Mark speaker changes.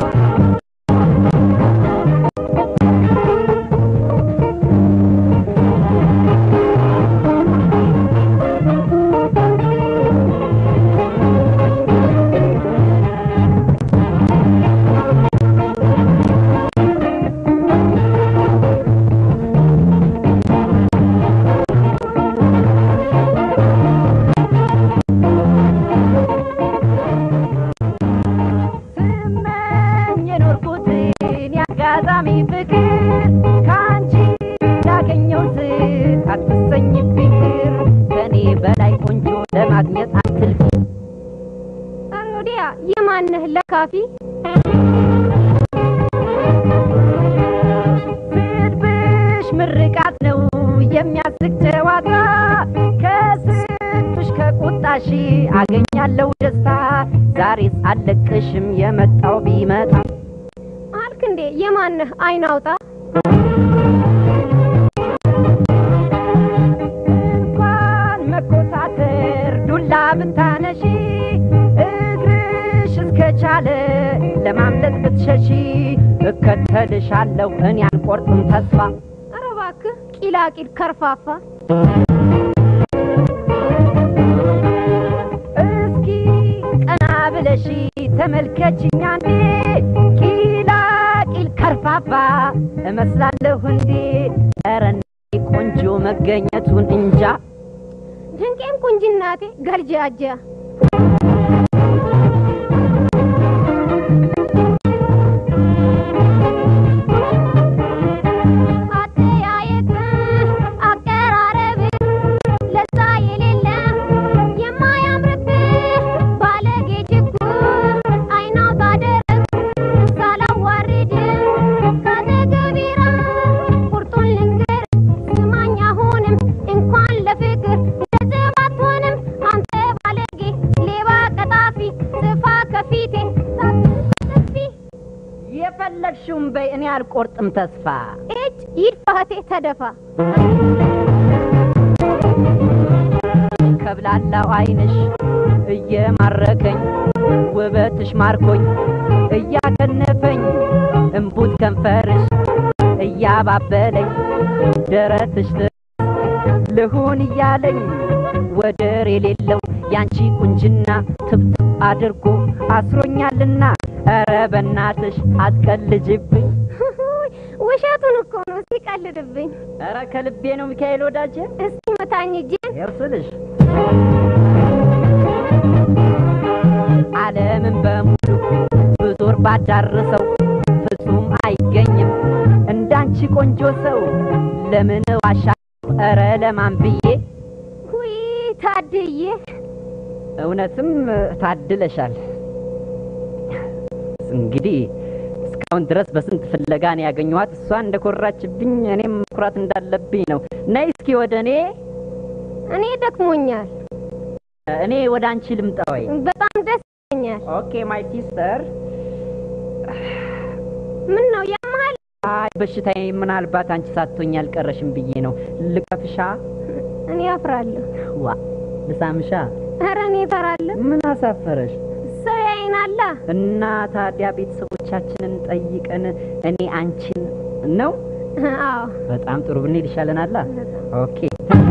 Speaker 1: Thank you. አያዛሚ ፍቅር ከአንቺ ያገኘው ስት አትሰኝ ፍቅር ከእኔ በላይ ቆንጆ ለማግኘት አትልፊ።
Speaker 2: እንግዲያ የማንህ ለካፊ
Speaker 1: ስድብሽ ምርቃት ነው የሚያስቅ ጨዋታ ከስድብሽ ከቁጣሽ አገኛለሁ ደስታ ዛሬ አለቅሽም የመጣው ቢመጣ
Speaker 2: እንዴ የማንህ አይን አውጣ
Speaker 1: እንኳን መኮሳተር ዱላ ብታነሺ እግርሽ እስከቻለ ለማምለጥ ብትሸሺ እከተልሻለሁ እኔ አልቆርጥም ተስፋ።
Speaker 2: ኧረ እባክህ ቂላቂል ከርፋፋ
Speaker 1: እስኪ ቀና ብለሺ ተመልከችኛ እንዴ ተስፋ እመስላለሁ እንዴ? ረኔ ቆንጆ መገኘቱን እንጃ
Speaker 2: ድንቄም ቁንጅናቴ ገልጃጃ
Speaker 1: የፈለግሽውን በይ፣ እኔ አልቆርጥም ተስፋ።
Speaker 2: እጭ ይድፋቴ ተደፋ
Speaker 1: ከብላላው አይንሽ እየማረከኝ ውበትሽ ማርኮኝ እያከነፈኝ እምቡት ከንፈርሽ እያባበለኝ ደረትሽ ልሁን እያለኝ ወደር የሌለው ያንቺ ቁንጅና ትብት አድርጎ አስሮኛልና ኧረ በእናትሽ አትቀልጅብኝ።
Speaker 2: ውሸቱን እኮ ነው ሲቀልድብኝ።
Speaker 1: ኧረ ከልቤ ነው ሚካኤል ወዳጄ።
Speaker 2: እስኪ መታኝ እጄን
Speaker 1: ይርስልሽ ዓለምን በሙሉ ብዞር ባዳርሰው ፍጹም አይገኝም እንዳንቺ ቆንጆ ሰው። ለምን ዋሻ ኧረ ለማን ብዬ
Speaker 2: ውይ ታድዬ፣
Speaker 1: እውነትም ታድለሻል። እንግዲህ እስካሁን ድረስ በስንት ፍለጋ ነው ያገኘኋት። እሷ እንደኮራችብኝ እኔም ኩራት እንዳለብኝ ነው። ነይ እስኪ ወደ እኔ።
Speaker 2: እኔ ደክሞኛል።
Speaker 1: እኔ ወደ አንቺ ልምጣ ወይ?
Speaker 2: በጣም ደስ ይለኛል።
Speaker 1: ኦኬ ማይ ሲስተር።
Speaker 2: ምን ነው ያማል?
Speaker 1: አይ በሽታዬ ምናልባት አንቺ ሳትሆኝ አልቀረሽም ብዬ ነው። ልቀፍሻ?
Speaker 2: እኔ አፍራለሁ።
Speaker 1: ዋ ልሳምሻ?
Speaker 2: ኧረ እኔ እፈራለሁ።
Speaker 1: ምን አሳፈረሽ? አለ እና ታዲያ ቤተሰቦቻችንን ጠይቀን እኔ አንቺን ነው። አዎ፣ በጣም ጥሩ ብንሄድ ኦኬ